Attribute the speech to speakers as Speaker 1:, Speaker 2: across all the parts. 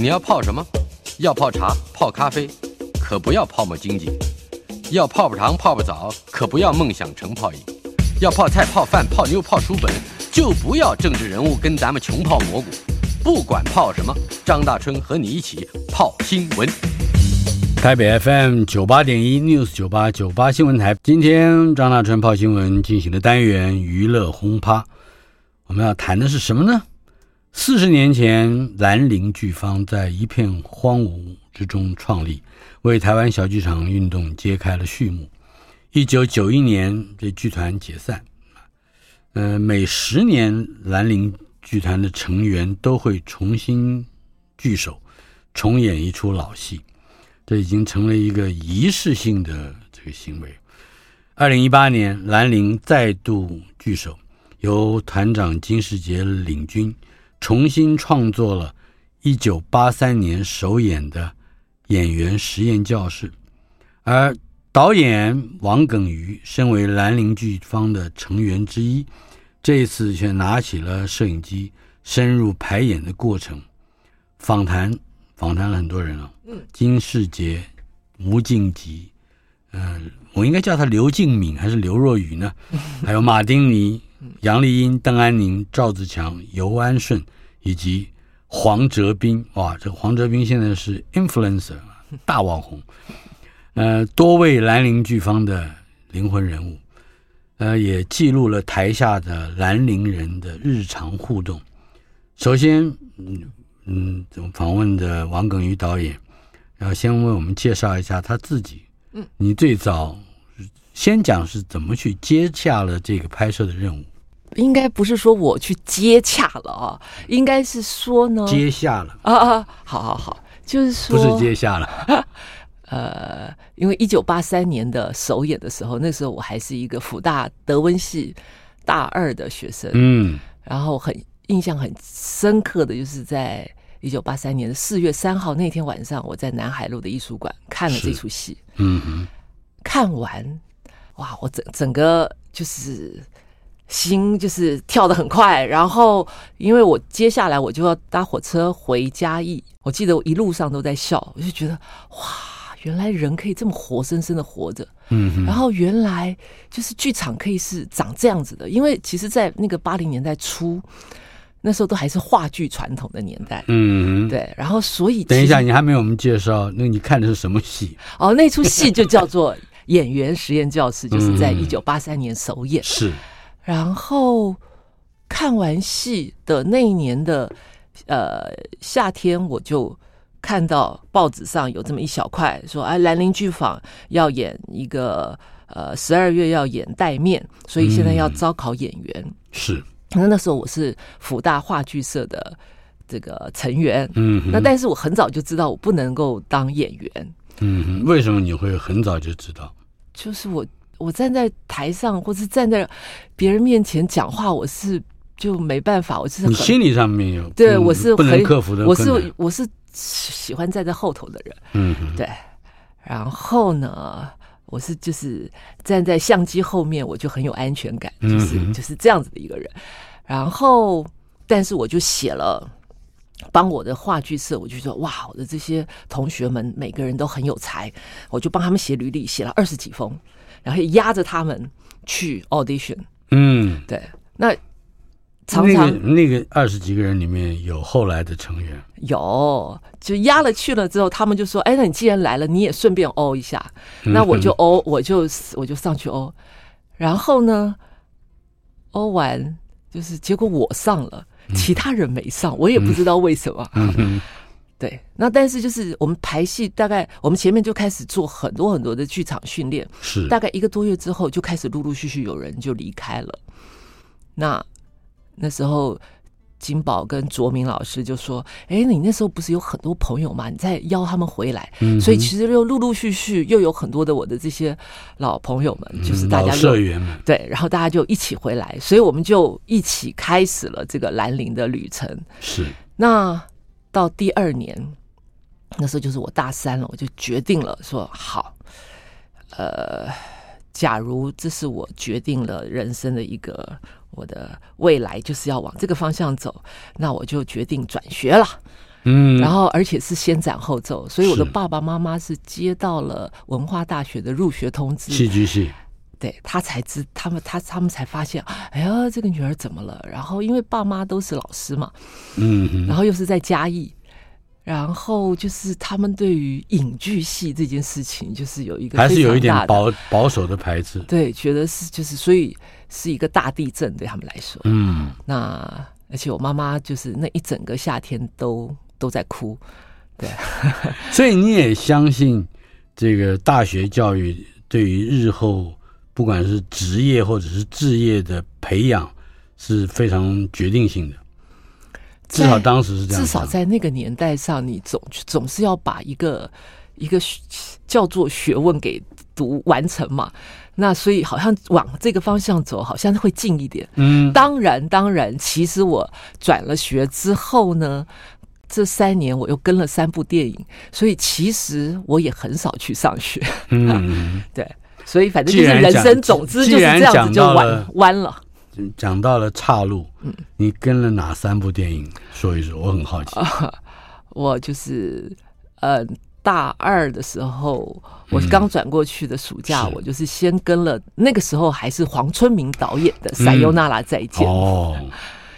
Speaker 1: 你要泡什麼？要泡茶、泡咖啡，可不要泡沫經濟；要泡泡糖、泡泡澡，可不要夢想成泡影；要泡菜、泡飯、泡妞、泡書本，就不要政治人物跟咱們窮泡蘑菇。不管泡什麼，張大春和你一起泡新聞。台北 FM 九八點一 News 九八九八新聞台，今天張大春泡新聞進行的單元娛樂轟趴，我們要談的是什麼呢？四十年前，蘭陵劇坊在一片荒蕪之中創立，為台灣小劇場運動揭開了序幕。一九九一年，這劇團解散。呃，每十年，蘭陵劇團的成員都會重新聚首，重演一出老戲。這已經成了一個儀式性的這個行為。二零一八年，蘭陵再度聚首，由團長金士傑領軍。重新創作了《一九八三年首演的演員實驗教室》，而導演王耿瑜身為蘭陵劇坊的成員之一，這一次卻拿起了攝影機，深入排演的過程。訪談，訪談了很多人啊、哦，金士傑、吳靜吉，嗯、呃，我應該叫他劉靜敏還是劉若瑀呢？還有馬汀尼。楊麗音、鄧安寧、趙自強、游安順，以及黃哲斌，哇，這個黃哲斌現在是 influencer 大網紅，呃，多位蘭陵劇坊的靈魂人物，呃，也記錄了台下的蘭陵人的日常互動。首先，嗯嗯，訪問的王耿瑜導演，然後先為我們介紹一下他自己。嗯，你最早。先講是怎麼去接洽了這個拍攝的任務，
Speaker 2: 應該不是說我去接洽了啊，應該是說呢，接下了啊啊，好好好，就是說不是接下了，啊、呃，因為一九八三年的首演的時候，那時候我還是一個輔大德文系大二的學生，嗯，然後很印象很深刻的就是在一九八三年的四月三號那天晚上，我在南海路的藝術館看了這出戲，嗯哼，看完。哇！我整整個就是心就是跳得很快，然後因為我接下來我就要搭火車回嘉義，我記得我一路上都在笑，我就覺得哇，原來人可以這麼活生生的活着，嗯哼，然後原來就是劇場可以是長這樣子的，因為其實，在那個八零年代初，那時候都還是話劇傳統的年代，嗯哼，對，然後所以等一下，
Speaker 1: 你還沒有我們介紹，那你看的是什麼戲？
Speaker 2: 哦，那一出戲就叫做。 演員實驗教室就是在一九八三年首演，嗯、是。然後看完戲的那一年的呃夏天，我就看到報紙上有這麼一小塊說，說啊，蘭陵劇坊要演一個呃十二月要演代面，所以現在要招考演員。嗯、是。那、嗯、那時候我是輔大話劇社的這個成員，嗯哼，那但是我很早就知道我不能夠當演員，
Speaker 1: 嗯哼，為什麼你會很早就知道？
Speaker 2: 就是我，我站在台上，或是站在別人面前講話，我是就沒辦法，我就是很你心
Speaker 1: 理上面有對，我是很不能克服的，我是
Speaker 2: 我是喜歡站在後頭的人，嗯哼，對。然後呢，我是就是站在相機後面，我就很有安全感，就是、嗯、哼就是這樣子的一個人。然後，但是我就寫了。幫我的話劇社，我就說哇，我的這些同學們每個人都很有才，我就幫他們寫履歷，寫了二十幾封，然後壓着他們去 audition。嗯，對。那常常那個
Speaker 1: 那個二十幾個人裡面有後來的成員，
Speaker 2: 有就壓了去了之後，他們就說：“哎，那你既然來了，你也順便哦一下。”那我就哦，嗯，我就我就上去哦。然後呢，哦完就是結果我上了。其他人沒上，我也不知道為什麼。嗯， 對。那但是就是我們排戲，大概我們前面就開始做很多很多的劇場訓練，是大概一個多月之後，就開始陸陸續續有人就離開了。那那時候。金寶跟卓明老師就說：“哎、欸，你那時候不是有很多朋友嘛？你再邀他們回來，嗯、哼所以其實又陸陸續續又有很多的我的這些老朋友們，嗯、就是大家社員們，對，然後大家就一起回來，所以我們就一起開始了這個蘭陵的旅程。是那到第二年，那時候就是我大三了，我就決定了說好，呃。”假如這是我決定了人生的一個我的未來就是要往這個方向走，那我就決定轉學了。嗯，然後而且是先斬後奏，所以我的爸爸媽媽是接到了文化大學的入學通知，戲劇系，對，他才知他們他他，他們才發現，哎呀，這個女兒怎麼了？然後因為爸媽都是老師嘛，嗯，嗯然後又是在嘉義。然後就是他們對於影劇系這件事情，就是有一個還是有一點保
Speaker 1: 保守的排斥，
Speaker 2: 對，覺得是就是，所以是一個大地震對他們來說，嗯，那而且我媽媽就是那一整個夏天都都在哭，對，
Speaker 1: 所以你也相信這個大學教育對於日後不管是職業或者是志業的培養是非常決定性的。至少當時是這樣子。至少
Speaker 2: 在那個年代上，你總總是要把一個一個叫做學問給讀完成嘛。那所以好像往這個方向走，好像會近一點。嗯，當然當然，其實我轉了學之後呢，這三年我又跟了三部電影，所以其實我也很少去上學。嗯、啊，對，所以反正就是人生，總之就是這樣子就彎彎了。
Speaker 1: 講到了岔路，你跟了哪三部電影？說一
Speaker 2: 說，我很好奇。嗯、我就是呃大二的時候，我剛轉過去的暑假，嗯、我就是先跟了那個時候還是黃春明導演的、嗯《莎喲娜啦再見、嗯》哦。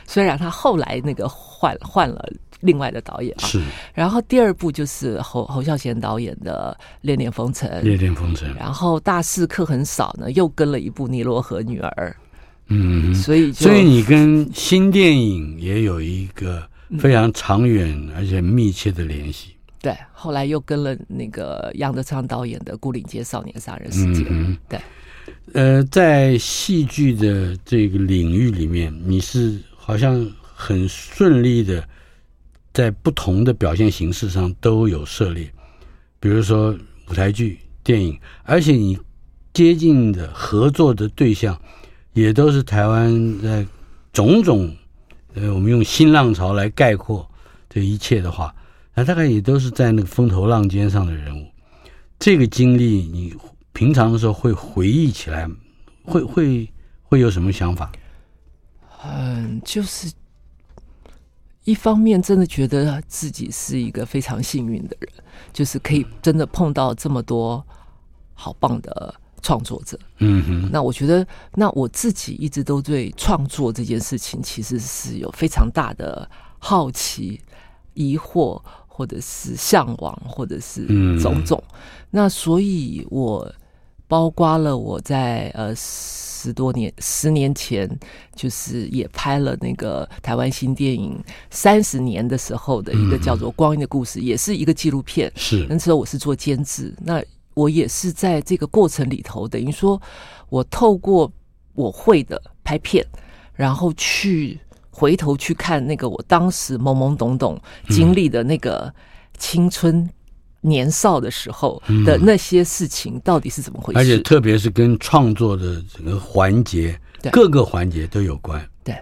Speaker 2: 雖然他後來那個換換了另外的導演、啊、是。然後第二部就是侯侯孝賢導演的《戀戀風塵》。戀戀風塵。然後大四課很少呢，又跟了一部《尼羅河女兒》。
Speaker 1: 嗯，所以所以你跟新電影也有一個非常長遠而且密切的聯繫。嗯、
Speaker 2: 對，後來又跟了那個楊德昌導演的《牯嶺街少年殺人事件》。嗯
Speaker 1: 哼，對。呃，在戲劇的這個領域裡面，你是好像很順利的，在不同的表現形式上都有涉獵，比如說舞台劇、電影，而且你接近的合作的對象也都是台灣在種種呃，我們用新浪潮來概括這一切的話，那大概也都是在那個風頭浪尖上的人物。這個經歷，你平常的時候會回憶起來，會會會有什麼想法？
Speaker 2: 嗯，就是一方面真的覺得自己是一個非常幸運的人，就是可以真的碰到這麼多好棒的。創作者，嗯哼，
Speaker 3: 那
Speaker 2: 我覺得，那我自己一直都對創作這件事情，其實是有非常大的好奇、疑惑，或者是嚮往，或者是種種。嗯、那所以，我包括了我在呃十多年、十年前，就是也拍了那個台灣新電影《三十年》的時候的一個叫做《光陰的故事》，嗯哼，也是一個紀錄片。是那時候我是做監製，那。我也是在這個過程裡頭，等於說，我透過我會的拍片，然後去回頭去看那個我當時懵懵懂懂經歷的那個青春年少的時候的那些事情到底是怎麼回事？嗯嗯、而且特
Speaker 1: 別是跟創作的整個環節，對各個環節都有關。對，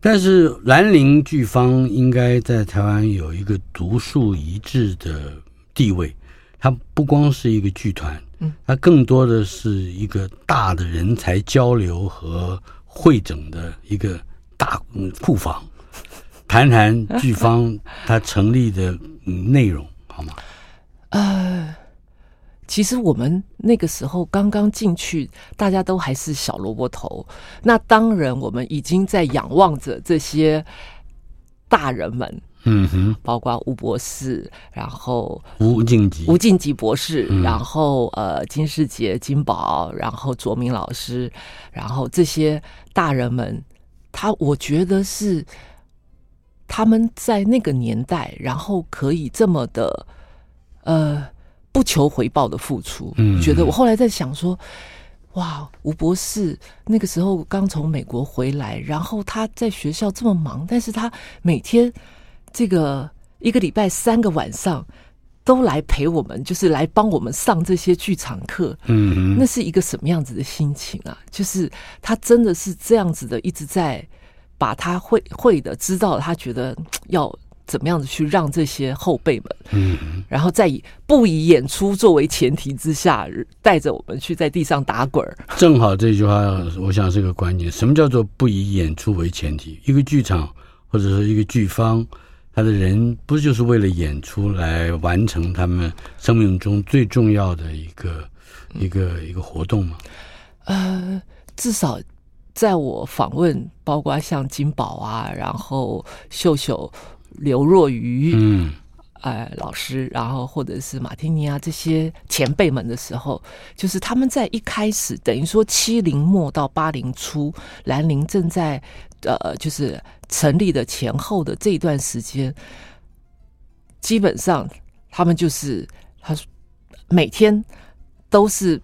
Speaker 1: 但是蘭陵劇坊應該在台灣有一個獨樹一幟的地位。它不光是一個劇團，嗯，它更多的是一個大的人才交流和會診的一個大庫房。談談劇坊它成立的內容好嗎？呃，
Speaker 2: 其實我們那個時候剛剛進去，大家都還是小蘿蔔頭。那當然，我們已經在仰望着這些大人們。嗯哼，包括吳博士，然後
Speaker 1: 吳靜吉，吳
Speaker 2: 靜吉博士，然後呃，金士傑、金寶，然後卓明老師，然後這些大人們，他我覺得是他們在那個年代，然後可以這麼的呃不求回報的付出，嗯、覺得我後來在想說，哇，吳博士那個時候剛從美國回來，然後他在學校這麼忙，但是他每天。這個一個禮拜三個晚上都來陪我們，就是來幫我們上這些劇場課。嗯哼，那是一個什麼樣子的心情啊？就是他真的是這樣子的，一直在把他會會的、知道他覺得要怎麼樣子去讓這些後輩們。嗯哼，然後再以不以演出作為前提之下，帶着我們去在地上打滾。
Speaker 1: 正好這句話，我想是一個觀念，什麼叫做不以演出為前提？一個劇場或者是一個劇坊。他的人不是就是為了演出來完成他們生命中最重要的一個一個一個活動嗎？嗯、
Speaker 2: 呃，至少在我訪問，包括像金寶啊，然後秀秀、劉若瑀，嗯，呃，老師，然後或者是馬汀尼啊這些前輩們的時候，就是他們在一開始，等於說七零末到八零初，蘭陵正在呃，就是。成立的前後的這一段時間，基本上他們就是他每天都是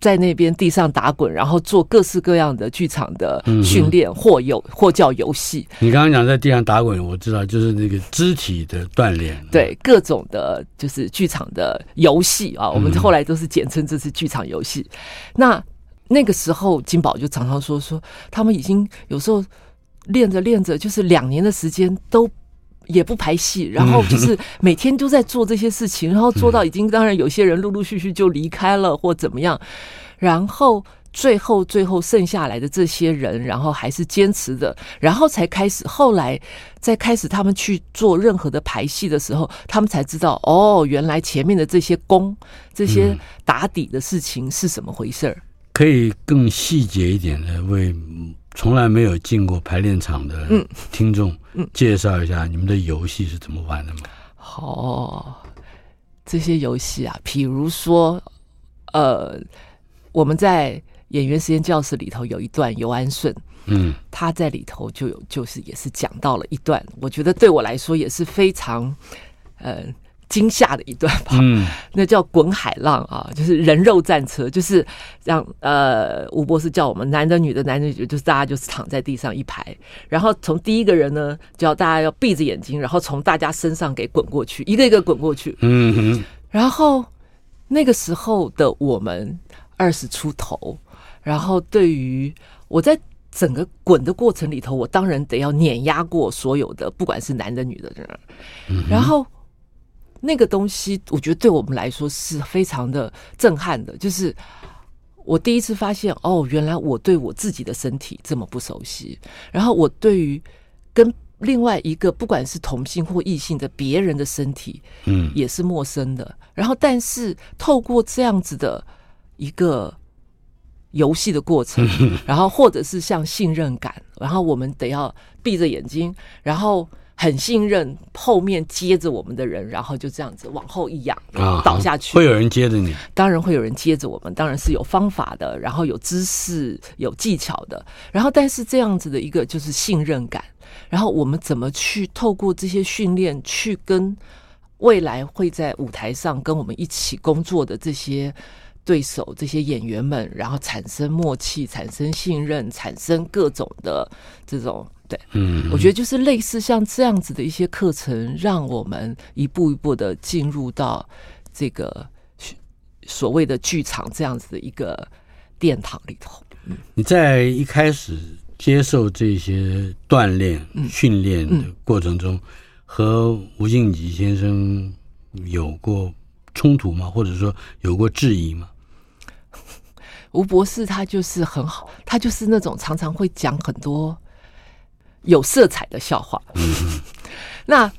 Speaker 2: 在那邊地上打滾，然後做各式各樣的劇場的訓練或有或叫遊戲。
Speaker 1: 你剛剛講在地上打滾，我知道就是那個肢體的鍛鍊，
Speaker 2: 對各種的就是劇場的遊戲啊。我們後來都是簡稱這是劇場遊戲。那那個時候，金寶就常常說說他們已經有時候。練着練着，就是兩年的時間都也不排戲，然後就是每天都在做這些事情， 然後做到已經，當然有些人陸陸續續就離開了或怎麼樣，然後最後最後剩下來的這些人，然後還是堅持着，然後才開始後來再開始他們去做任何的排戲的時候，他們才知道哦，原來前面的這些功這些打底的事情是怎麼回事兒。嗯。
Speaker 1: 可以更細節一點的為。從來沒有進過排練場的聽眾，介紹一下你們的遊戲是怎麼玩的嗎？
Speaker 2: 好，嗯嗯哦，這些遊戲啊，譬如說，呃，我們在演員實驗教室裡頭有一段游安順，嗯，他在裡頭就有就是也是講到了一段，我覺得對我來說也是非常，呃。驚嚇的一段吧，嗯，那叫滾海浪啊，就是人肉戰車，就是讓呃吳博士叫我們男的女的男的女的，就是大家就是躺在地上一排，然後從第一個人呢就要大家要閉着眼睛，然後從大家身上給滾過去，一個一個滾過去，嗯哼，然後那個時候的我們二十出頭，然後對於我在整個滾的過程裡頭，我當然得要碾壓過所有的，不管是男的女的人，然後。嗯那個東西，我覺得對我們來說是非常的震撼的。就是我第一次發現，哦，原來我對我自己的身體這麼不熟悉，然後我對於跟另外一個不管是同性或異性的別人的身體，嗯，也是陌生的。然後，但是透過這樣子的一個遊戲的過程，然後或者是像信任感，然後我們得要閉着眼睛，然後。很信任後面接着我們的人，然後就這樣子往後一仰，啊、倒下去。會有人接着你？當然會有人接着我們，當然是有方法的，然後有知識、有技巧的。然後，但是這樣子的一個就是信任感。然後，我們怎麼去透過這些訓練，去跟未來會在舞台上跟我們一起工作的這些。對手這些演員們，然後產生默契，產生信任，產生各種的這種。對，嗯，我覺得就是類似像這樣子的一些課程，讓我們一步一步的進入到這個所謂的劇場這樣子的一個殿堂裡頭。
Speaker 1: 你在一開始接受這些鍛鍊訓練的過程中，和吳靜吉先生有過衝突嗎？或者說有過質疑嗎？
Speaker 2: 吳博士他就是很好，他就是那種常常會講很多有色彩的笑話。 那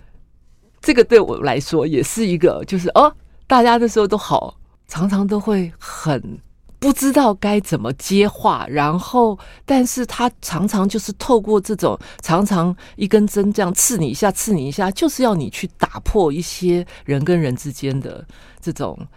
Speaker 2: 這個對我來說也是一個，就是哦，大家那時候都好，常常都會很不知道該怎麼接話，然後，但是他常常就是透過這種常常一根針這樣刺你一下，刺你一下，就是要你去打破一些人跟人之間的這種。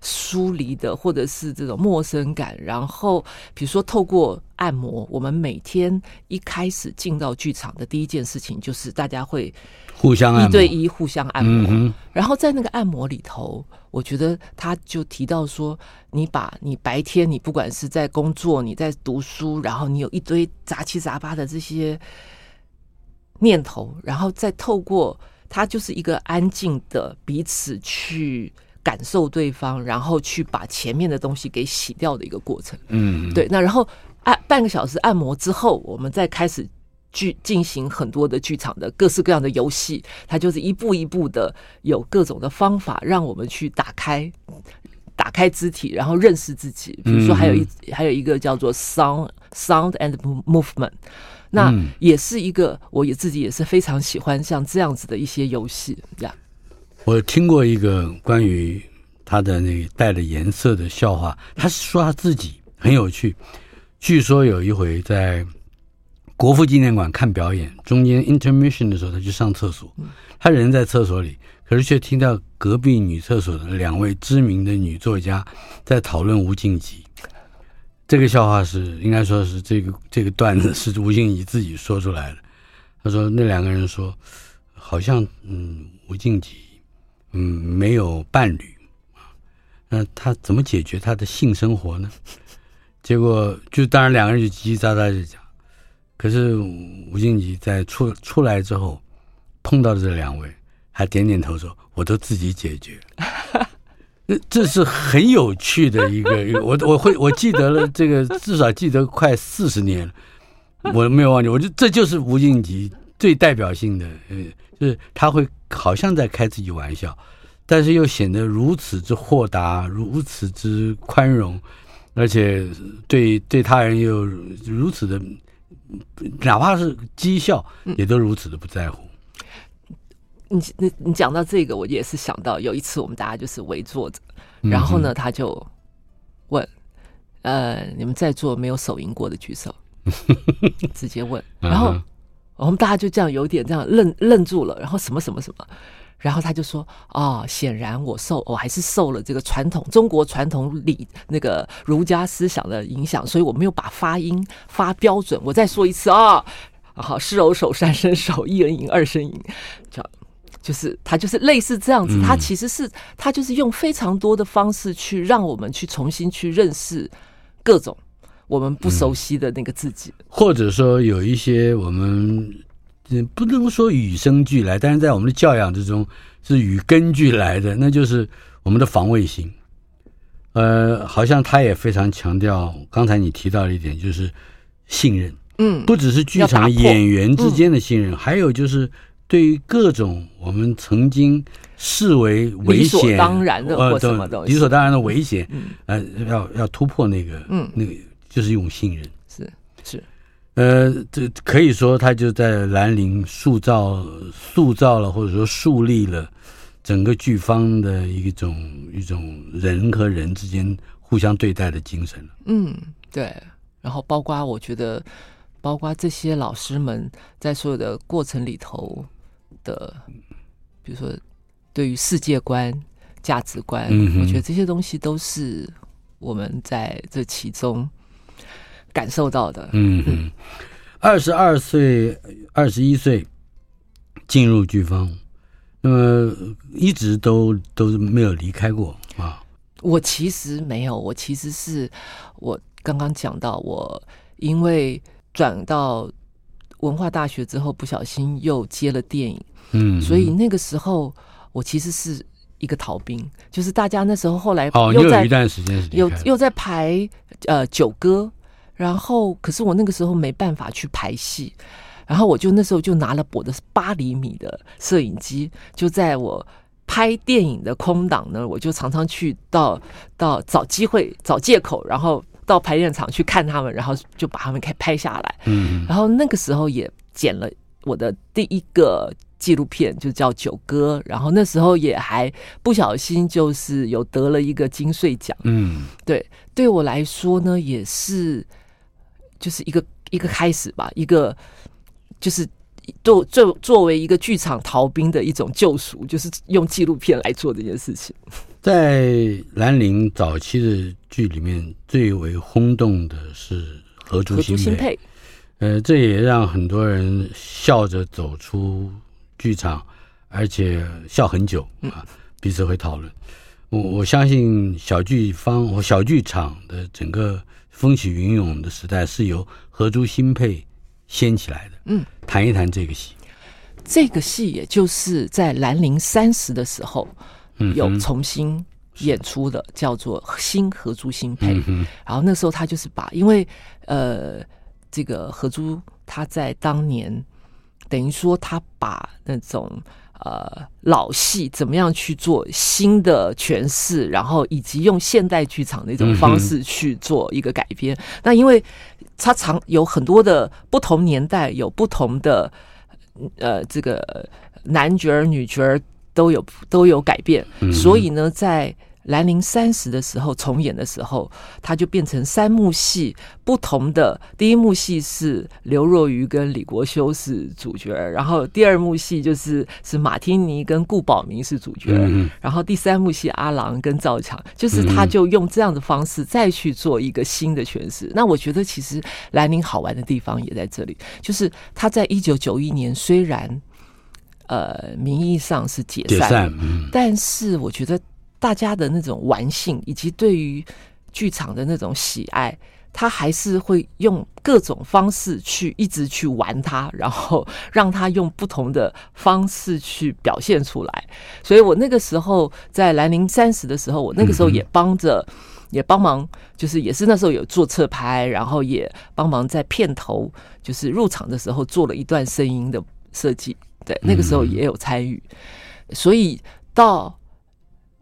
Speaker 2: 疏離的，或者是這種陌生感。然後，比如說，透過按摩，我們每天一開始進到劇場的第一件事情，就是大家會
Speaker 4: 互相一對一
Speaker 2: 互相按摩。然後在那個按摩裡頭，我覺得他就提到說，你把你白天你不管是在工作、你在讀書，然後你有一堆雜七雜八的這些念頭，然後再透過他就是一個安靜的彼此去。感受對方，然後去把前面的東西給洗掉的一個過程。嗯，對。那然後按、啊、半個小時按摩之後，我們再開始去進行很多的劇場的各式各樣的遊戲。它就是一步一步的有各種的方法讓我們去打
Speaker 4: 開、
Speaker 2: 打開肢體，然後認識自己。比如說，還有一還有一個叫做 Sound Sound and Movement，那也是一個我也自己也是非常喜歡像這樣子的一些遊戲呀。嗯 yeah
Speaker 1: 我聽過一個關於他的那個帶了顏色的笑話，他是說他自己很有趣。據說有一回在國父紀念館看表演，中間 intermission 的時候，他去上廁所，他人在廁所裡，可是卻聽到隔壁女廁所的兩位知名的女作家在討論吳靜吉。這個笑話是應該說是這個這個段子是吳靜吉自己說出來的。他說那兩個人說，好像嗯吳靜吉。嗯，沒有伴侶啊，那他怎麼解決他的性生活呢？結果就當然兩個人就嘰嘰喳喳就講。可是吳靜吉在出出來之後，碰到這兩位，還點點頭說：“我都自己解決。”那這是很有趣的一個，我我會我記得了這個，至少記得快四十年了，我沒有忘記。我覺得這就是吳靜吉最代表性的。就是他會好像在開自己玩笑，但是又顯得如此之豁達，如此之寬容，而且對對他人又如此的，哪怕是譏笑也都如此的不在乎。嗯、
Speaker 2: 你你你講到這個，我也是想到有一次我們大家就是圍坐着，
Speaker 1: 然後呢，
Speaker 2: 他就問，嗯、哼呃，你們在座沒有手淫過的舉手， 直接問，然後。嗯我們大家就這樣有點這樣愣愣住了，然後什麼什麼什麼，然後他就說啊、哦，顯然我受我還是受了這個傳統中國傳統裡，那個儒家思想的影響，所以我沒有把發音發標準。我再說一次，哦、啊，好，是柔手三生手，一人贏二聲贏叫就，就是他就是類似這樣子，嗯、他其實是他就是用非常多的方式去讓我們去重新去認識各種。我們不熟悉的那個自己、嗯，
Speaker 1: 或者說有一些我們不能說與生俱來，但是在我們的教養之中是與根俱來的，那就是我們的防衛心。呃，好像他也非常強調剛才你提到的一點，就是信任。嗯，不只是劇場演員之間的信任，嗯、還有就是對於各種我們曾經視為危險理所當然的或什麼、呃、理所當然的危險，嗯，呃、要要突破那個嗯那個。就是一種信任，
Speaker 2: 是是，
Speaker 1: 是呃，這可以說他就在蘭陵塑造塑造了，或者說樹立了整個劇坊的一種一種人和人之間互相對待的精神，嗯，
Speaker 2: 對。然後，包括我覺得，包括這些老師們在所有的過程裡頭的，比如說對於世界觀、價值觀，嗯哼，我覺得這些東西都是我們在這其中。感受到的，
Speaker 1: 嗯，二十二歲，二十一歲進入劇坊，那麼一直都都是沒有離開過啊。
Speaker 2: 我其實沒有，我其實是我剛剛講到，我因為轉到文化大學之後，不小心又接了電影，嗯哼，所以那個時候我其實是一個逃兵，就是大家那時候後來哦，又在一段時間有又在排呃九歌。然後，可是我那個時候沒辦法去拍戲，然後我就那時候就拿了我的八厘米的攝影機，就在我拍電影的空檔呢，我就常常去到到找機會、找借口，然後到排練場去看他們，然後就把他們拍拍下來。嗯，然後那個時候也剪了我的第一個紀錄片，就叫《九哥》，然後那時候也還不小心就是有得了一個金穗獎。嗯，對，對我來說呢，也是。就是一個一個開始吧，一個就是作作作為一個劇場逃兵的一種救贖，就是用紀錄片來做這件事情。
Speaker 1: 在蘭陵早期的劇裡面，最為轟動的是《荷珠新配》荷珠新配，呃，這也讓很多人笑着走出劇場，而且笑很久啊，嗯、彼此會討論。我我相信小劇方和小劇場的整個風起雲湧的時代是由荷珠新配掀起來的。嗯，談一談這個戲，
Speaker 2: 這個戲也就是在蘭陵三十的時候，嗯，有重新演出的，叫做《新荷珠新配》。嗯、哼然後那時候他就是把，因為呃，這個荷珠他在當年等於說他把那種。呃，老戲怎麼樣去做新的詮釋？然後以及用現代劇場的一種方式去做一個改編。嗯、哼那因為他常有很多的不同年代，有不同的呃，這個男角兒、女角兒都有都有改變，嗯、哼所以呢，在。蘭陵三十的時候重演的時候，他就變成三幕戲，不同的第一幕戲是劉若瑀跟李國修是主角，然後第二幕戲就是是馬汀尼跟顧寶明是主角，嗯、然後第三幕戲阿郎跟趙強，就是他就用這樣的方式再去做一個新的詮釋。嗯、那我覺得其實蘭陵好玩的地方也在這裡，就是他在一九九一年雖然，呃，名義上是解散，解散嗯、但是我覺得。大家的那種玩性，以及對於劇場的那種喜愛，他還是會用各種方式去一直去玩他，然後讓他用不同的方式去表現出來。所以我那個時候在蘭陵三十的時候，我那個時候也幫着、嗯、哼也幫忙，就是也是那時候有做側拍，然後也幫忙在片頭，就是入場的時候做了一段聲音的設計。對，那個時候也有參與，所以到。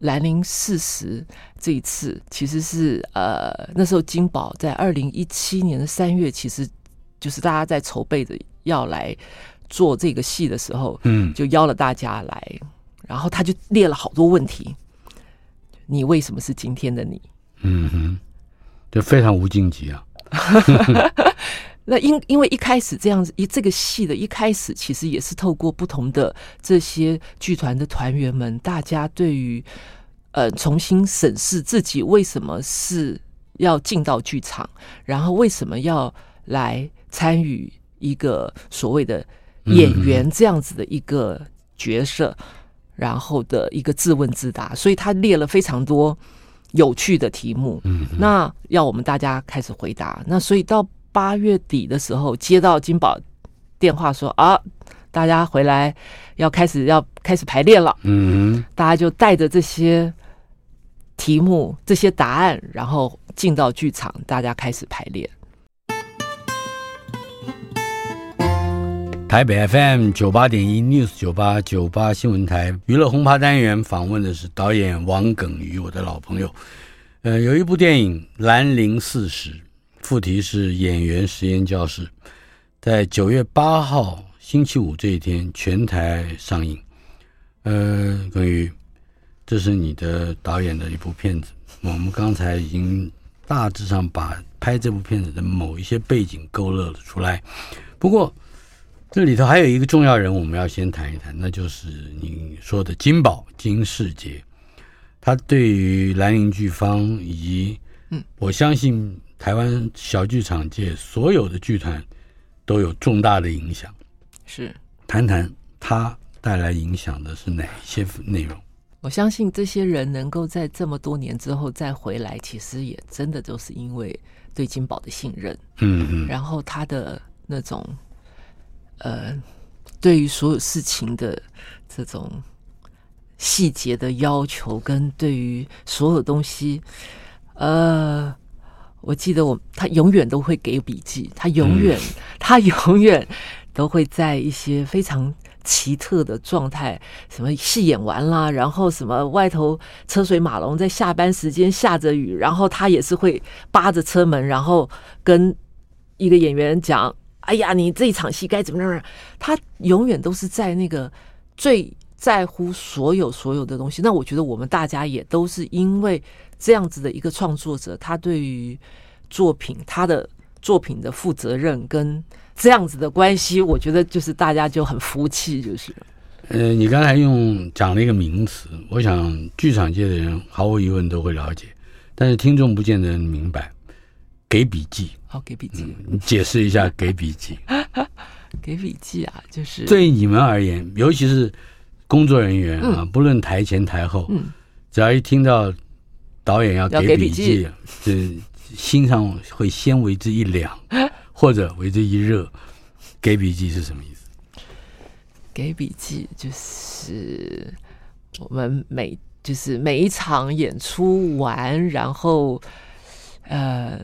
Speaker 2: 蘭陵四十，這一次其實是呃，那時候金寶在二零一七年的三月，其實就是大家在籌備着要來做這個戲的時候，嗯，就邀了大家來，然後他就列了好多問題，你為什麼是今天的你？
Speaker 1: 嗯哼，就非常無禁忌啊。
Speaker 2: 那因因為一開始這樣子一這個戲的一開始其實也是透過不同的這些劇團的團員們，大家對於呃重新審視自己為什麼是要進到劇場，然後為什麼要來參與一個所謂的演員這樣子的一個角色，嗯嗯然後的一個自問自答，所以他列了非常多有趣的題目，嗯嗯那要我們大家開始回答。那所以到。八月底的時候接到金寶電話說啊，大家回來要開始要開始排練了。嗯，嗯，大家就帶着這些題目、這些答案，然後進到劇場，大家開始排練。
Speaker 1: 台北 FM 九八點一 News 九八九八新聞台娛樂轟趴單元訪問的是導演王耿瑜，我的老朋友。呃，有一部電影《蘭陵四十》。副題是演員實驗教室，在九月八號星期五這一天全台上映。呃，關於這是你的導演的一部片子，我們剛才已經大致上把拍這部片子的某一些背景勾勒了出來。不過這裡頭還有一個重要人，我們要先談一談，那就是你說的金寶金士傑，他對於蘭陵劇坊以及我相信、嗯。.臺灣小劇場界所有的劇團都有重大的影響，是談談他帶來影響的是哪些內容？
Speaker 2: 我相信這些人能夠在這麼多年之後再回來，其實也真的都是因為對金寶的信任。嗯，嗯，然後他的那種，呃，對於所有事情的這種細節的要求，跟對於所有東西，呃。我記得我他永遠都會給筆記，他永遠、嗯、他永遠都會在一些非常奇特的狀態，什麼戲演完啦，然後什麼外頭車水馬龍，在下班時間下着雨，然後他也是會扒着車門，然後跟一個演員講：“哎呀，你這一場戲該怎、怎麼樣？”他永遠都是在那個最在乎所有所有的東西。那我覺得我們大家也都是因為。這樣子的一個創作者，他對於作品、他的作品的負責任跟這樣子的關係，我覺得就是大家就很服氣，就是。
Speaker 1: 呃，你剛才用講了一個名詞，我想劇場界的人毫無疑問都會了解，但是聽眾不見得明白。給筆記，
Speaker 2: 好，給筆記、嗯，
Speaker 1: 你解釋一下給筆記。
Speaker 2: 給筆記啊，就是對你
Speaker 1: 們而言，尤其是工作人員啊，嗯、不論台前台後，嗯，只要一聽到。導演要給筆記，就是心上會先為之一涼， 或者為之一熱。給筆記是什麼意思？
Speaker 2: 給筆記就是我們每就是每一場演出完，然後，呃，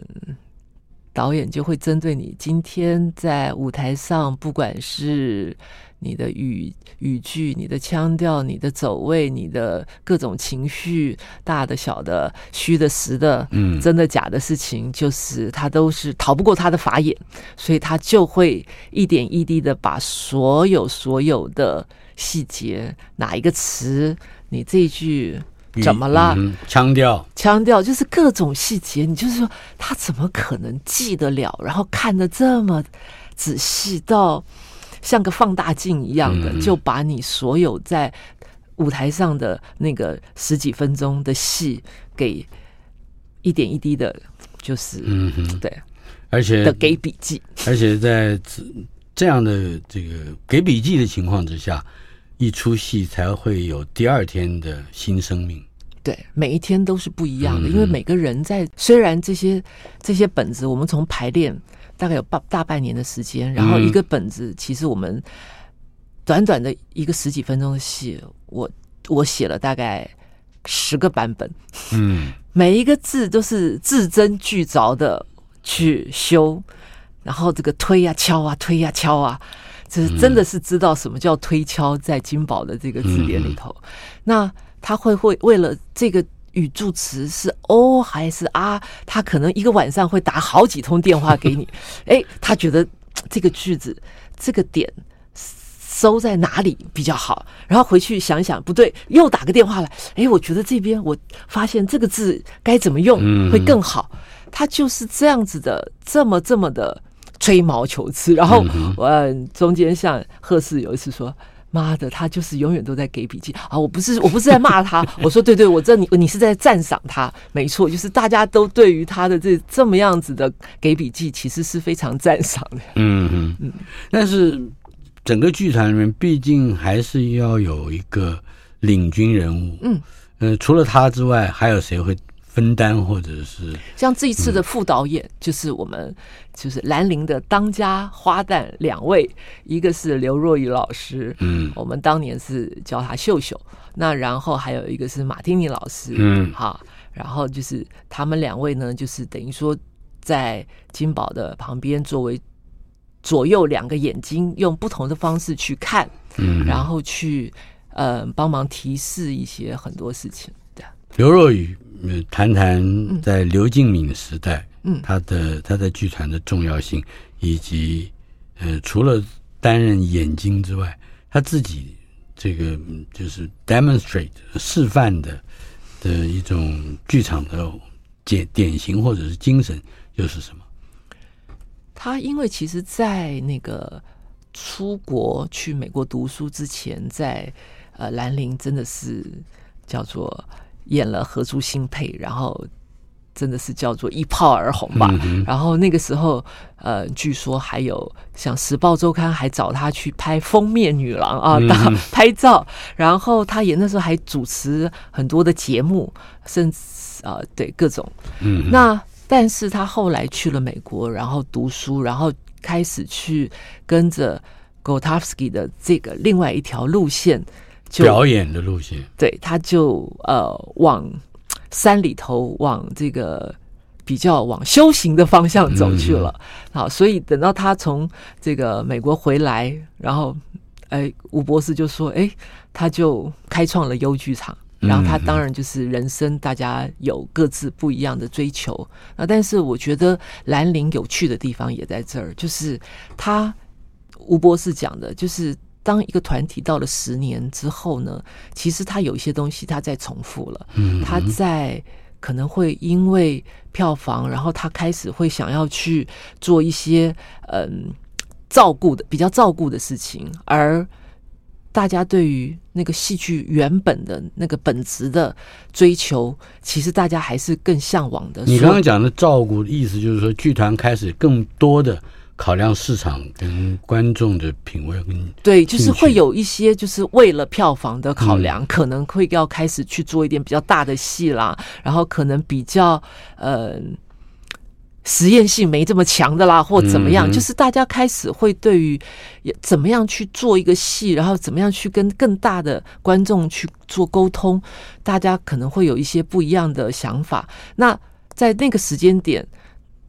Speaker 2: 導演就會針對你今天在舞台上，不管是。你的語語句、你的腔調、你的走位、你的各種情緒，大的、小的、虛的、實的，嗯，真的、假的事情，就是他都是逃不過他的法眼，所以他就會一點一滴的把所有所有的細節，哪一個詞，你這一句怎麼了，腔調、嗯，腔調，腔調就是各種細節，你就是說他怎麼可能記得了，然後看得這麼仔細到。像個放大鏡一樣的，就把你所有在舞台上的那個十幾分鐘的戲，給一點一滴的，就是，嗯哼，對，而且的給筆記，而
Speaker 1: 且在這樣的這個給筆記的情況之下，一出戲才會有第二天的新生命。
Speaker 2: 對，每一天都是不一樣的，因為每個人在雖然這些這些本子，我們從排練。大概有半大半年的時間，然後一個本子，嗯、其實我們短短的一個十幾分鐘的戲，我我寫了大概十個版本，嗯，每一個字都是字斟句酌的去修，然後這個推呀敲啊推呀敲啊，這、啊啊就是、真的是知道什麼叫推敲，在金寶的這個字典裡頭，嗯、那他會會為了這個。語助詞是“哦”還是“啊”？他可能一個晚上會打好幾通電話給你。哎，他覺得這個句子，這個點收在哪裡比較好？然後回去想一想，不對，又打個電話了。哎，我覺得這邊我發現這個字該怎麼用會更好？嗯、他就是這樣子的，這麼這麼的吹毛求疵。然後我、嗯嗯、中間像賀氏有一次說。媽的，他就是永遠都在給筆記啊！我不是我不是在罵他， 我說對對，我知道你你是在讚賞他，沒錯，就是大家都對於他的這這麼樣子的給筆記，其實是非常讚賞的。
Speaker 1: 嗯嗯嗯，但是整個劇團裡面，畢竟還是要有一個領軍人物。嗯呃、嗯、除了他之外，還有誰會？分擔或者是
Speaker 2: 像這一次的副導演，嗯、就是我們就是蘭陵的當家花旦兩位，一個是劉若瑀老師，嗯，我們當年是叫她秀秀，那然後還有一個是馬汀尼老師，嗯，哈，然後就是他們兩位呢，就是等於說在金寶的旁邊作為左右兩個眼睛，用不同的方式去看，嗯，然後去呃幫忙提示一些很多事情的
Speaker 1: 劉、嗯、對若瑀。談談在劉靜敏時代，他的他在劇團的重要性，以及呃，除了擔任眼睛之外，他自己這個就是 demonstrate 示範的的一種劇場的典典型或者是精神又是什麼？
Speaker 2: 他因為其實，在那個出國去美國讀書之前，在呃蘭陵真的是叫做。演了《荷珠新配》，然後真的是叫做一炮而紅吧。嗯、哼然後那個時候，呃，據說還有像《時報周刊》還找他去拍封面女郎啊，拍、嗯、哼拍照。然後他演那時候還主持很多的節目，甚至啊、呃，對各種嗯哼。那但是他後來去了美國，然後讀書，然後開始去跟着 Grotowski 的這個另外一條路線。就表演
Speaker 1: 的路線，
Speaker 2: 對，他就呃，往山裡頭，往這個比較往修行的方向走去了。嗯嗯嗯好，所以等到他從這個美國回來，然後哎，吳博士就說，哎，他就開創了優劇場。然後他當然就是人生，大家有各自不一樣的追求。嗯嗯，那但是我覺得蘭陵有趣的地方也在這兒，就是他吳博士講的，就是。當一個團體到了十年之後呢，其實他有一些東西他在重複了，嗯、他在可能會因為票房，然後他開始會想要去做一些嗯照顧的比較照顧的事情，而大家對於那個戲劇原本的那個本質的追求，其實大家還是更向往的。你剛剛
Speaker 1: 講的照顧的意思就是說劇團開始更多的。考量市場跟觀眾的品味跟
Speaker 2: 對，就是會有一些，就是為了票房的考量，嗯、可能會要開始去做一點比較大的戲啦，然後可能比較嗯、呃，實驗性沒這麼強的啦，或怎麼樣，嗯、哼就是大家開始會對於也怎麼樣去做一個戲，然後怎麼樣去跟更大的觀眾去做溝通，大家可能會有一些不一樣的想法。那在那個時間點，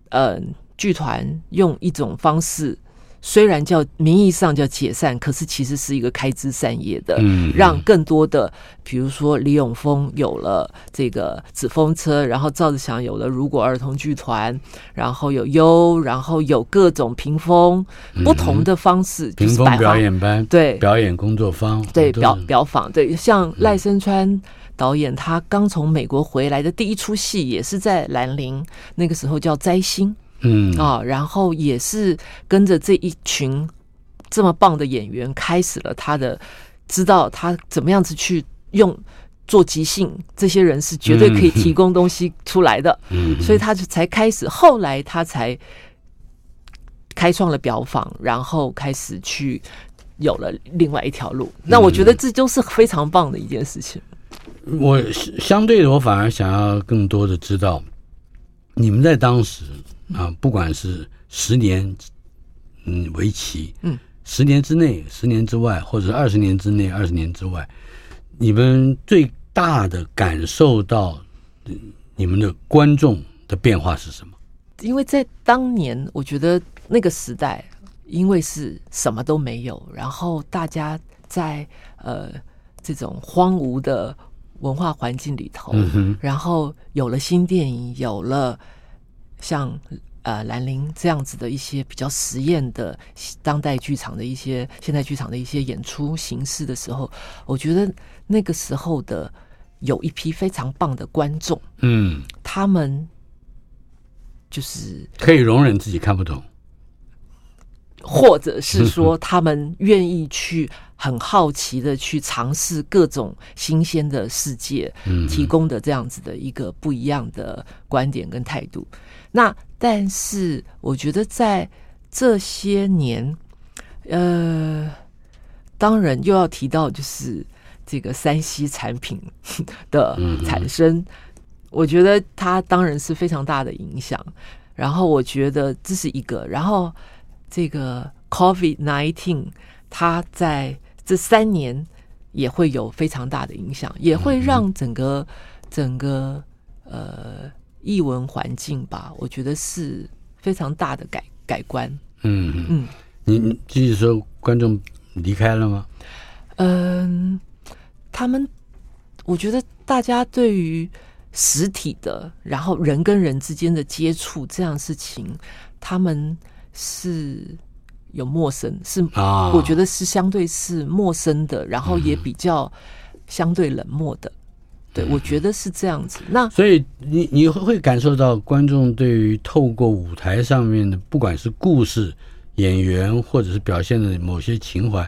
Speaker 2: 嗯、呃。劇團用一種方式，雖然叫名義上叫解散，可是其實是一個開枝散葉的，嗯、讓更多的，比如說李永豐有了這個紙風車，然後趙自強有了如果兒童劇團，然後有優，然後有各種屏風，嗯、不同的方式，屏風表演班對，
Speaker 1: 表演工作坊對，哦、對表
Speaker 2: 表坊對，像賴聲川導演，他剛從美國回來的第一出戲也是在蘭陵，那個時候叫《災星》。嗯啊、哦，然後也是跟着這一群這麼棒的演員，開始了他的知道他怎麼樣子去用做即興，這些人是絕對可以提供東西出來的。嗯哼，所以他就才開始，後來他才開創了表坊，然後開始去有了另外一條路。那我覺得這就是非常棒的一件事情。
Speaker 1: 嗯、我相對的，我反而想要更多的知道你們在當時。啊，不管是十年，嗯，為期，嗯，十年之內，十年之外，或者是二十年之內，二十年之外，你們最大的感受到，你們的觀眾的變化是什麼？
Speaker 2: 因為在當年，我覺得那個時代，因為是什麼都沒有，然後大家在呃這種荒蕪的文化環境裡頭，嗯哼，然後有了新電影，有了。像呃蘭陵這樣子的一些比較實驗的當代劇場的一些現代劇場的一些演出形式的時候，我覺得那個時候的有一批非常棒的觀眾，
Speaker 1: 嗯，他們就是可以容忍自己看不懂，嗯，
Speaker 2: 或者是說他們願意去很好奇的去嘗試各種新鮮的世界，嗯，哼，提供的這樣子的一個不一樣的觀點跟態度。那但是，我覺得在這些年，呃，當然又要提到就是這個 3C 產品的產生，嗯嗯我覺得它當然是非常大的影響。然後我覺得這是一個，然後這個 COVID-19 它在這三年也會有非常大的影響，也會讓整個整個呃。藝文環境吧，我覺得是非常大的改改觀。
Speaker 1: 嗯嗯，嗯，你繼續說，觀眾離開了嗎？嗯，
Speaker 2: 他們，我覺得大家對於實體的，然後人跟人之間的接觸這樣的事情，他們是有陌生，是啊，我覺得是相對是陌生的，然後也比較相對冷漠的。對，我覺得是這樣子。那所以你你會感
Speaker 1: 受到觀眾對於透過舞台上面的，不管是故事、演員，或者是表現的某些情懷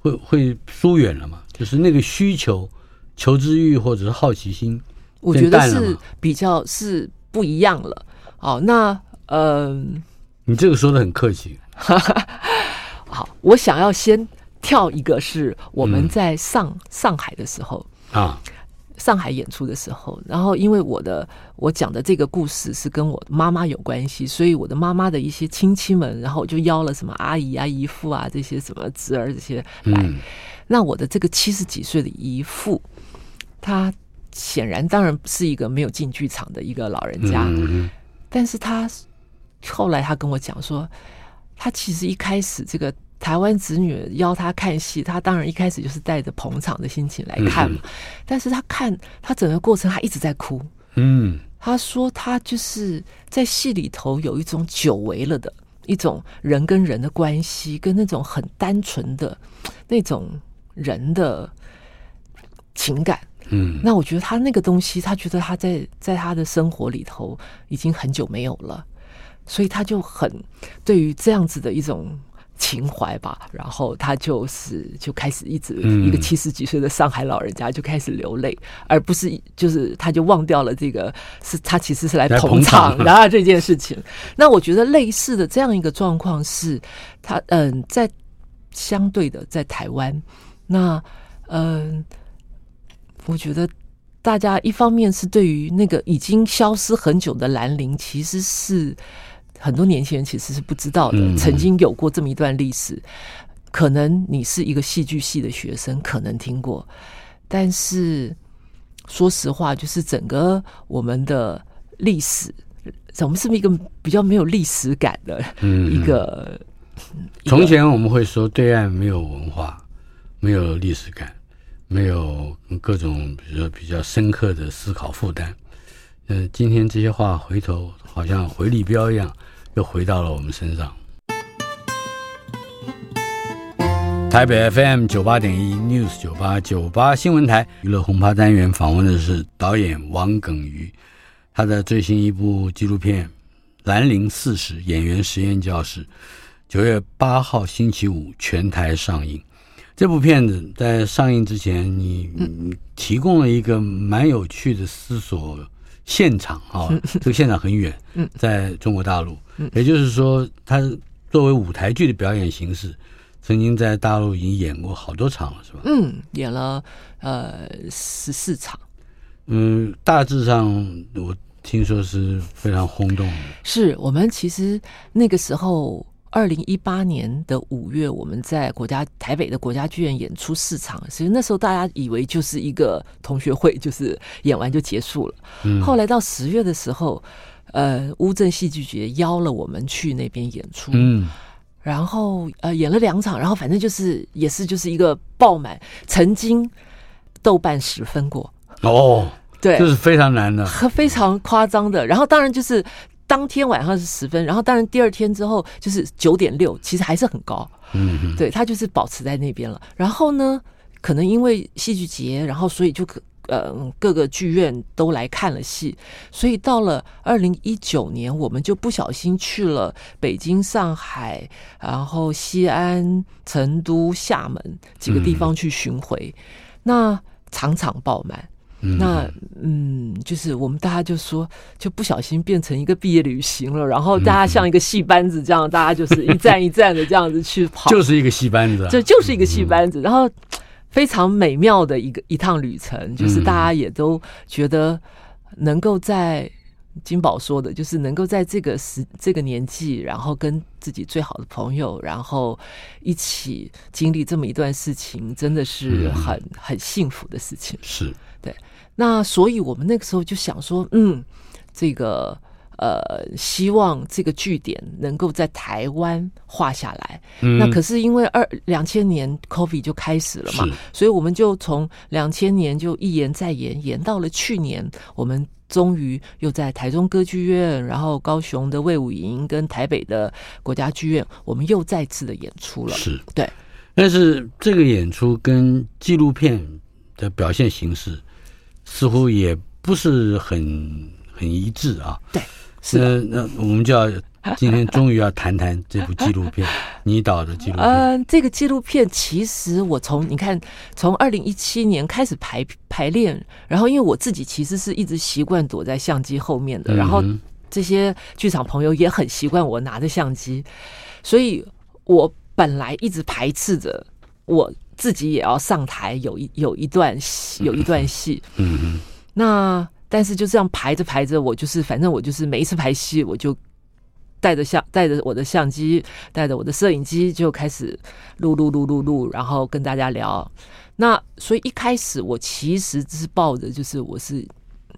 Speaker 1: 會，會會疏遠了嗎？就是那個需求、求知欲或者是好奇心，我覺得是
Speaker 2: 比較是不一樣了。好，那
Speaker 1: 嗯，呃、你這個說得很客氣。
Speaker 2: 好，我想要先跳一個是我們在上、嗯、上海的時候啊。上海演出的時候，然後因為我的我講的這個故事是跟我媽媽有關係，所以我的媽媽的一些親戚們，然後就邀了什麼阿姨啊、姨父啊這些什麼侄兒這些來。嗯、那我的這個七十幾歲的姨父，他顯然當然是一個沒有進劇場的一個老人家，嗯嗯嗯，但是他後來他跟我講說，他其實一開始這個。台灣子女邀他看戲，他當然一開始就是帶着捧場的心情來看嘛。嗯嗯，但是他看他整個過程，他一直在哭。嗯，嗯，他說他就是在戲裡頭有一種久違了的一種人跟人的關係，跟那種很單純的那種人的情感。嗯，那我覺得他那個東西，他覺得他在在他的生活裡頭已經很久沒有了，所以他就很對於這樣子的一種。情懷吧，然後他就是就開始一直一個七十幾歲的上海老人家就開始流淚，嗯、而不是就是他就忘掉了這個是他其實是來捧場的這件事情。 那我覺得類似的這樣一個狀況是，他嗯、呃，在相對的在台灣，那嗯、呃，我覺得大家一方面是對於那個已經消失很久的蘭陵，其實是。很多年輕人其實是不知道的，曾經有過這麼一段歷史。可能你是一個戲劇系的學生，可能聽過，但是說實話，就是整個我們的歷史，我們是不是一個比較沒有歷史感的。嗯，一個從前
Speaker 1: 我們會說，對岸沒有文化，沒有歷史感，沒有各種比如說比較深刻的思考負擔。呃，今天這些話回頭好像回力鏢一樣，又回到了我們身上。台北 FM 九八點一 News 九八九八新聞台娛樂轟趴單元訪問的是導演王耿瑜，他的最新一部紀錄片《蘭陵四十演員實驗教室》，九月八號星期五全台上映。這部片子在上映之前，你你提供了一個蠻有趣的思索。現場啊、哦，這個現場很遠， 嗯、在中國大陸。也就是說，它作為舞台劇的表演形式，曾經在大陸已經演過好多場了，是吧？
Speaker 2: 嗯，演了呃十四場。
Speaker 1: 嗯，大致上我聽說是非常轟動的。
Speaker 2: 是，我們其實那個時候。二零一八年的五月，我們在國家台北的國家劇院演出四場。所以那時候大家以為就是一個同學會，就是演完就結束了。嗯，後來到十月的時候，呃，烏鎮戲劇節邀了我們去那邊演出。嗯，然後呃，演了兩場，然後反正就是也是就是一個爆滿，曾經豆瓣十分過。
Speaker 1: 哦，對，就是非常難的，和
Speaker 2: 非常誇張的。然後當然就是。當天晚上是十分，然後當然第二天之後就是九點六，其實還是很高。嗯哼，對，它就是保持在那邊了。然後呢，可能因為戲劇節，然後所以就呃各個劇院都來看了戲，所以到了二零一九年，我們就不小心去了北京、上海，然後西安、成都、廈門幾個地方去巡迴，嗯、哼那場場爆滿。那嗯，就是我們大家就說，就不小心變成一個畢業旅行了，然後大家像一個戲班子，這樣，嗯、大家就是一站一站的這樣子去跑， 就是
Speaker 1: 一個戲班子、啊，這就，就
Speaker 2: 是一個戲班子。嗯、然後非常美妙的一個一趟旅程，就是大家也都覺得能夠在金寶說的，就是能夠在這個時這個年紀，然後跟自己最好的朋友，然後一起經歷這麼一段事情，真的是很、嗯、很幸福的事情。是，對。那所以，我們那個時候就想說，嗯，這個呃，希望這個句點能夠在台灣畫下來。嗯，那可是因為二兩千年 COVID 就開始了嘛，是所以我們就從兩千年就一延再延，延到了去年。我們終於又在台中歌劇院，然後高雄的衛武營跟台北的國家劇院，我們又再次的演出
Speaker 1: 了。是，對。但是這個演出跟紀錄片的表現形式似乎也不是很很一致啊。對，是。那那我們就要今天終於要談談這部紀錄片，你導 的紀錄片。
Speaker 2: 嗯、呃，這個紀錄片其實我從你看從二零一七年開始排排練，然後因為我自己其實是一直習慣躲在相機後面的，嗯、哼然後這些劇場朋友也很習慣我拿着相機，所以我本來一直排斥着我，自己也要上台，有一有一段戲，有一段戲。
Speaker 4: 段嗯嗯哼。
Speaker 2: 那但是就這樣排着排着，我就是反正我就是每一次排戲，我就帶着相帶着我的相機，帶着我的攝影機，就開始錄錄錄錄錄，然後跟大家聊。那所以一開始我其實是抱着就是我是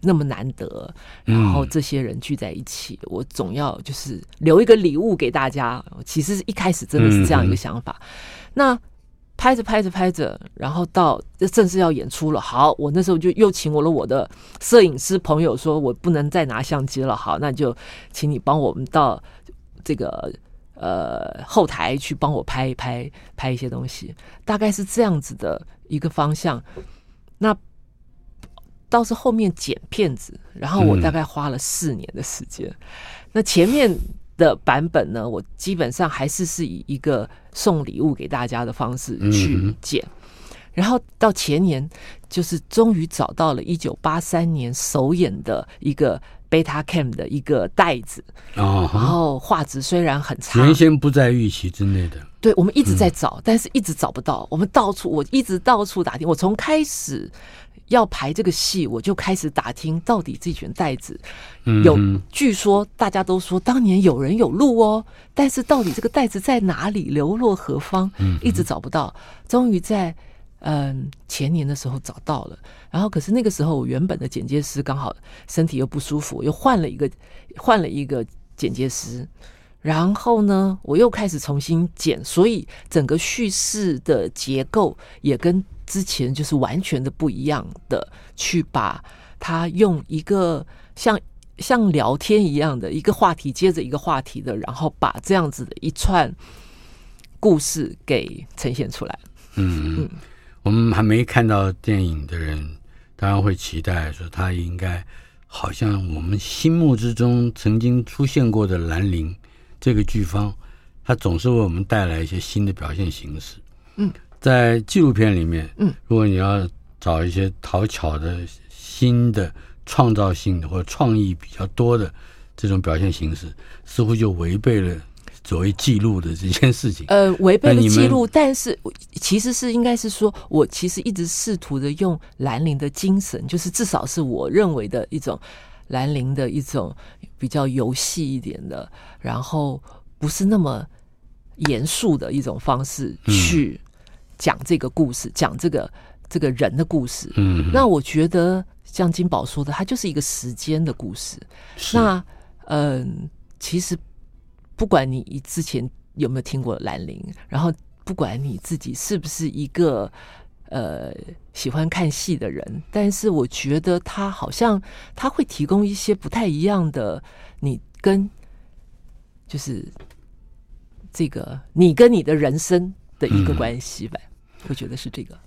Speaker 2: 那麼難得，然後這些人聚在一起，嗯、我總要就是留一個禮物給大家。其實一開始真的是這樣一個想法。嗯、哼那。拍着拍着拍着，然後到這正式要演出了。好，我那時候就又請我了我的攝影師朋友，說我不能再拿相機了。好，那就請你幫我們到這個呃後台去幫我拍一拍，拍一些東西。大概是這樣子的一個方向。那倒是後面剪片子，然後我大概花了四年的時間。嗯、那前面。的版本呢？我基本上還是是以一個送禮物給大家的方式去剪，嗯、然後到前年，就是終於找到了一九八三年首演的一個 Beta Cam 的一個帶子哦，然後畫質雖然很差，原
Speaker 1: 先不在預期之內的，
Speaker 2: 對，我們一直在找，嗯、但是一直找不到，我們到處，我一直到處打聽，我從開始。要排這個戲，我就開始打聽到底這卷帶子，有據說大家都說當年有人有錄哦，但是到底這個帶子在哪裡，流落何方，一直找不到。終於在嗯、呃、前年的時候找到了，然後可是那個時候我原本的剪接師剛好身體又不舒服，又換了一個換了一個剪接師，然後呢我又開始重新剪，所以整個敘事的結構也跟。之前就是完全的不一樣的，去把他用一個像像聊天一樣的一個話題接着一個話題的，然後把這樣子的一串故事給呈現出來。
Speaker 1: 嗯嗯，嗯，我們還沒看到電影的人，當然會期待說他應該好像我們心目之中曾經出現過的蘭陵這個劇坊，他總是為我們帶來一些新的表現形式。嗯。在紀錄片裡面，嗯，如果你要找一些討巧的、新的、創造性的或者創意比較多的這種表現形式，似乎就違背了所謂記錄的這件事情。呃，違背了記錄，呃、但
Speaker 2: 是其實是應該是說，我其實一直試圖的用蘭陵的精神，就是至少是我認為的一種蘭陵的一種比較遊戲一點的，然後不是那麼嚴肅的一種方式去。嗯講這個故事，講這個這個人的故事。嗯哼，那我覺得像金寶說的，它就是一個時間的故事。是那嗯、呃，其實不管你之前有沒有聽過蘭陵，然後不管你自己是不是一個呃喜歡看戲的人，但是我覺得他好像他會提供一些不太一樣的你跟就是這個你跟你的人生的一個關係吧。嗯我覺得是這個。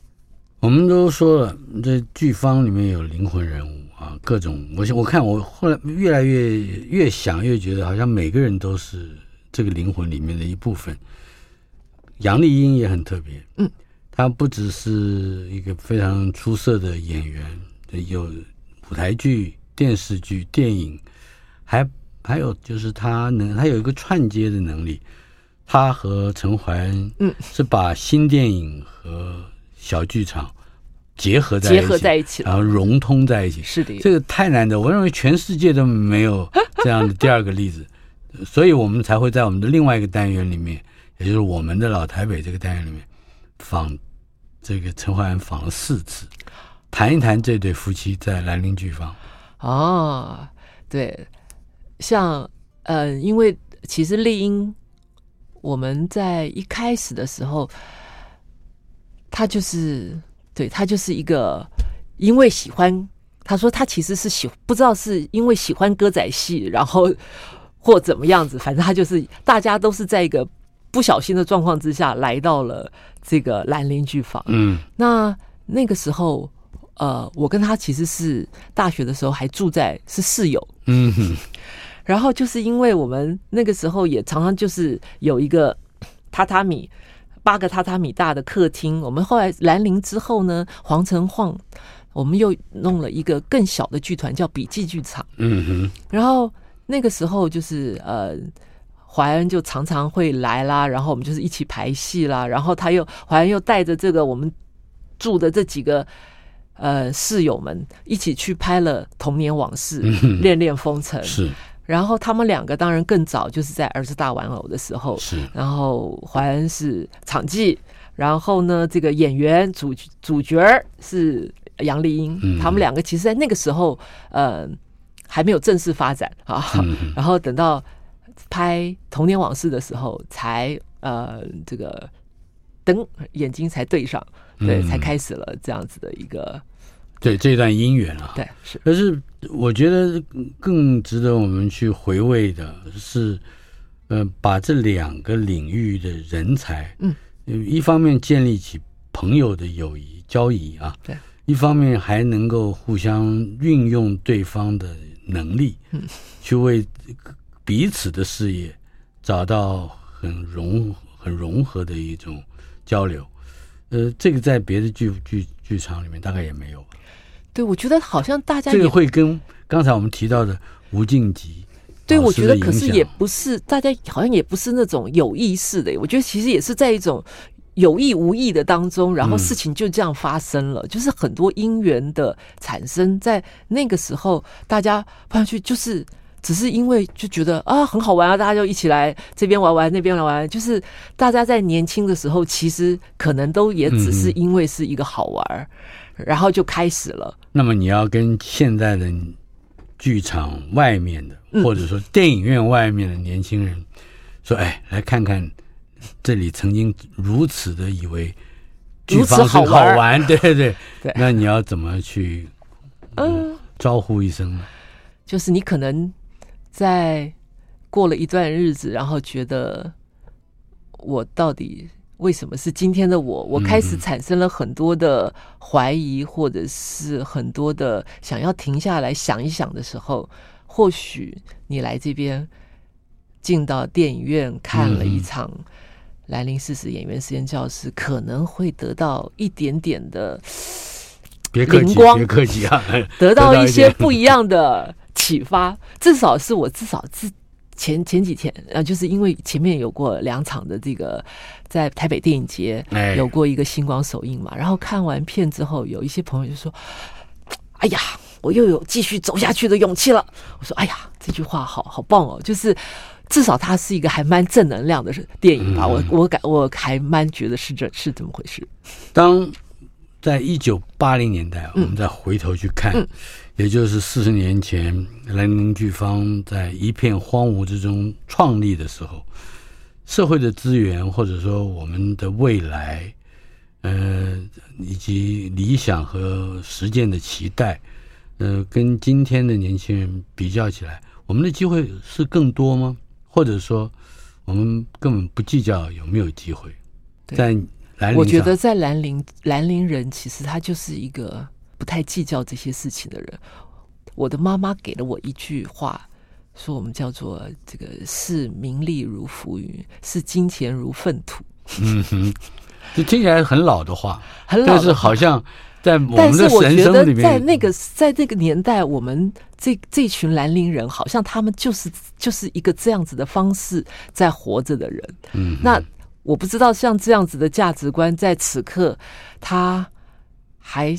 Speaker 1: 我們都說了，這劇坊裡面有靈魂人物啊，各種。我我看我後來越來越越想越覺得，好像每個人都是這個靈魂裡面的一部分。楊麗音也很特別，嗯，她不只是一個非常出色的演員，有舞台劇、電視劇、電影，還還有就是她能，她有一個串接的能力。他和陳懷恩嗯是把新電影和小劇場結合在一起，結合在一起，然後融通在一起。是的，這個太難得，我認為全世界都沒有這樣的第二個例子，所以我們才會在我們的另外一個單元裡面，也就是我們的老台北這個單元裡面，訪這個陳懷恩訪了四次，談一談這對夫妻在蘭陵劇坊、
Speaker 2: 嗯。啊、嗯哦，對，像呃，因為其實麗音。我們在一開始的時候，他就是對他就是一個，因為喜歡，他說他其實是喜，不知道是因為喜歡歌仔戲，然後或怎麼樣子，反正他就是大家都是在一個不小心的狀況之下，來到了這個蘭陵劇坊。嗯，那那個時候，呃，我跟他其實是大學的時候還住在是室友。嗯
Speaker 4: 哼。
Speaker 2: 然後就是因為我們那個時候也常常就是有一個榻榻米八個榻榻米大的客廳。我們後來蘭陵之後呢，黃成晃，我們又弄了一個更小的劇團，叫筆記劇場。嗯哼。然後那個時候就是呃，懷恩就常常會來啦，然後我們就是一起排戲啦。然後他又懷恩又帶着這個我們住的這幾個呃室友們一起去拍了《童年往事》、《戀戀風塵》嗯、是。然後他們兩個當然更早就是在《兒子大玩偶》的時候，是。然後懷安是場記，然後呢，這個演員主主角是楊麗音。嗯、他們兩個其實，在那個時候，呃，還沒有正式發展啊。哈哈嗯、然後等到拍《童年往事》的時候，才呃，這個燈眼睛才對上，對，嗯、才開始了這樣子的一個。
Speaker 1: 對，這段姻緣啊，對，是，可是我覺得更值得我們去回味的是，呃，把這兩個領域的人才，嗯、呃，一方面建立起朋友的友誼、交誼啊，對，一方面還能夠互相運用對方的能力，嗯，去為彼此的事業找到很融、很融合的一種交流，呃，這個在別的劇劇劇場裡面大概也沒有。
Speaker 2: 對，我覺得好像大家這個會
Speaker 1: 跟剛才我們提到的吳靜吉。
Speaker 2: 對，我覺得可是也不是大家，好像也不是那種有意識的，我覺得其實也是在一種有意無意的當中，然後事情就這樣發生了，嗯、就是很多因緣的產生，在那個時候大家放上去就是只是因為就覺得啊很好玩啊，大家就一起來這邊玩玩那邊來玩玩，就是大家在年輕的時候其實可能都也只是因為是一個好玩。嗯然後就開始了。
Speaker 1: 那麼你要跟現在的劇場外面的，或者說電影院外面的年輕人、嗯、說：“哎，來看看這裡曾經如此的以為劇坊很好玩，對對對。對”那你要怎麼去？
Speaker 2: 嗯，
Speaker 1: 招呼一聲呢？
Speaker 2: 就是你可能在過了一段日子，然後覺得我到底，為什麼是今天的我？我開始產生了很多的懷疑，嗯嗯，或者是很多的想要停下來想一想的時候，或許你來這邊進到電影院看了一場《蘭陵四十》，演員實驗教室嗯嗯，可能會得到一點點的靈光。別客氣，別客氣啊，得到一些不一樣的啟發， 至少是我至少自。前前幾天啊，就是因為前面有過兩場的這個，在台北電影節有過一個星光首映嘛，然後看完片之後，有一些朋友就說：“哎呀，我又有繼續走下去的勇氣了。”我說：“哎呀，這句話好好棒哦，就是至少它是一個還蠻正能量的電影吧，嗯。”我我感我還蠻覺得是這是怎麼回事。
Speaker 1: 當在一九八零年代，我們再回頭去看，嗯。嗯也就是四十年前，蘭陵劇坊在一片荒蕪之中創立的時候，社會的資源或者說我們的未來，呃，以及理想和實踐的期待，呃，跟今天的年輕人比較起來，我們的機會是更多嗎？或者說，我們根本不計較有沒有機會？
Speaker 2: 對在蘭陵，我覺得在蘭陵，蘭陵人其實他就是一個。不太計較這些事情的人，我的媽媽給了我一句話，說我們叫做這個視名利如浮雲，視金錢如糞土。嗯
Speaker 1: 哼，這聽起來很老的話，很老。但是好像在我們的人生裡面，但是我覺得在那
Speaker 2: 個在那個年代，我們這這群蘭陵人，好像他們就是就是一個這樣子的方式在活着的人。嗯，嗯，那我不知道像這樣子的價值觀，在此刻他還。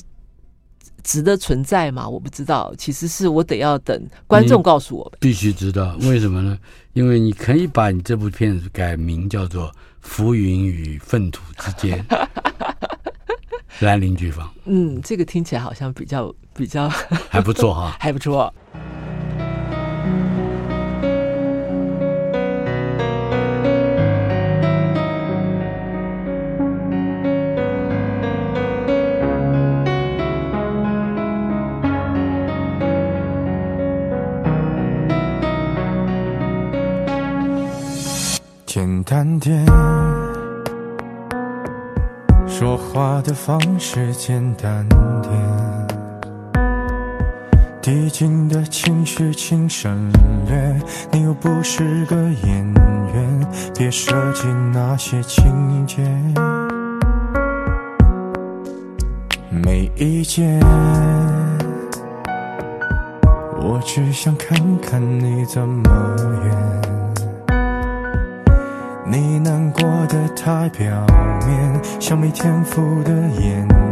Speaker 2: 值得存在嗎？我不知道。其實是我得要等觀眾告訴我。啊、
Speaker 1: 必須知道為什麼呢？因為你可以把你這部片子改名叫做《浮雲與糞土之間》，蘭 陵劇坊。
Speaker 2: 嗯，這個聽起來好像比較比較還不錯哈， 還不錯。
Speaker 4: 方式簡單點，遞進的情緒請省略。你又不是個演員，別設計那些情節。沒意見，我只想看看你怎麼演。你難過的太表面，像沒天賦的演員。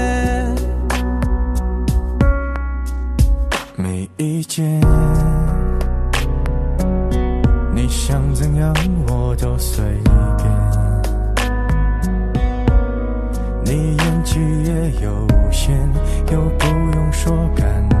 Speaker 4: 遇見，你想怎樣我都隨便。你演技也有限，又不用說感。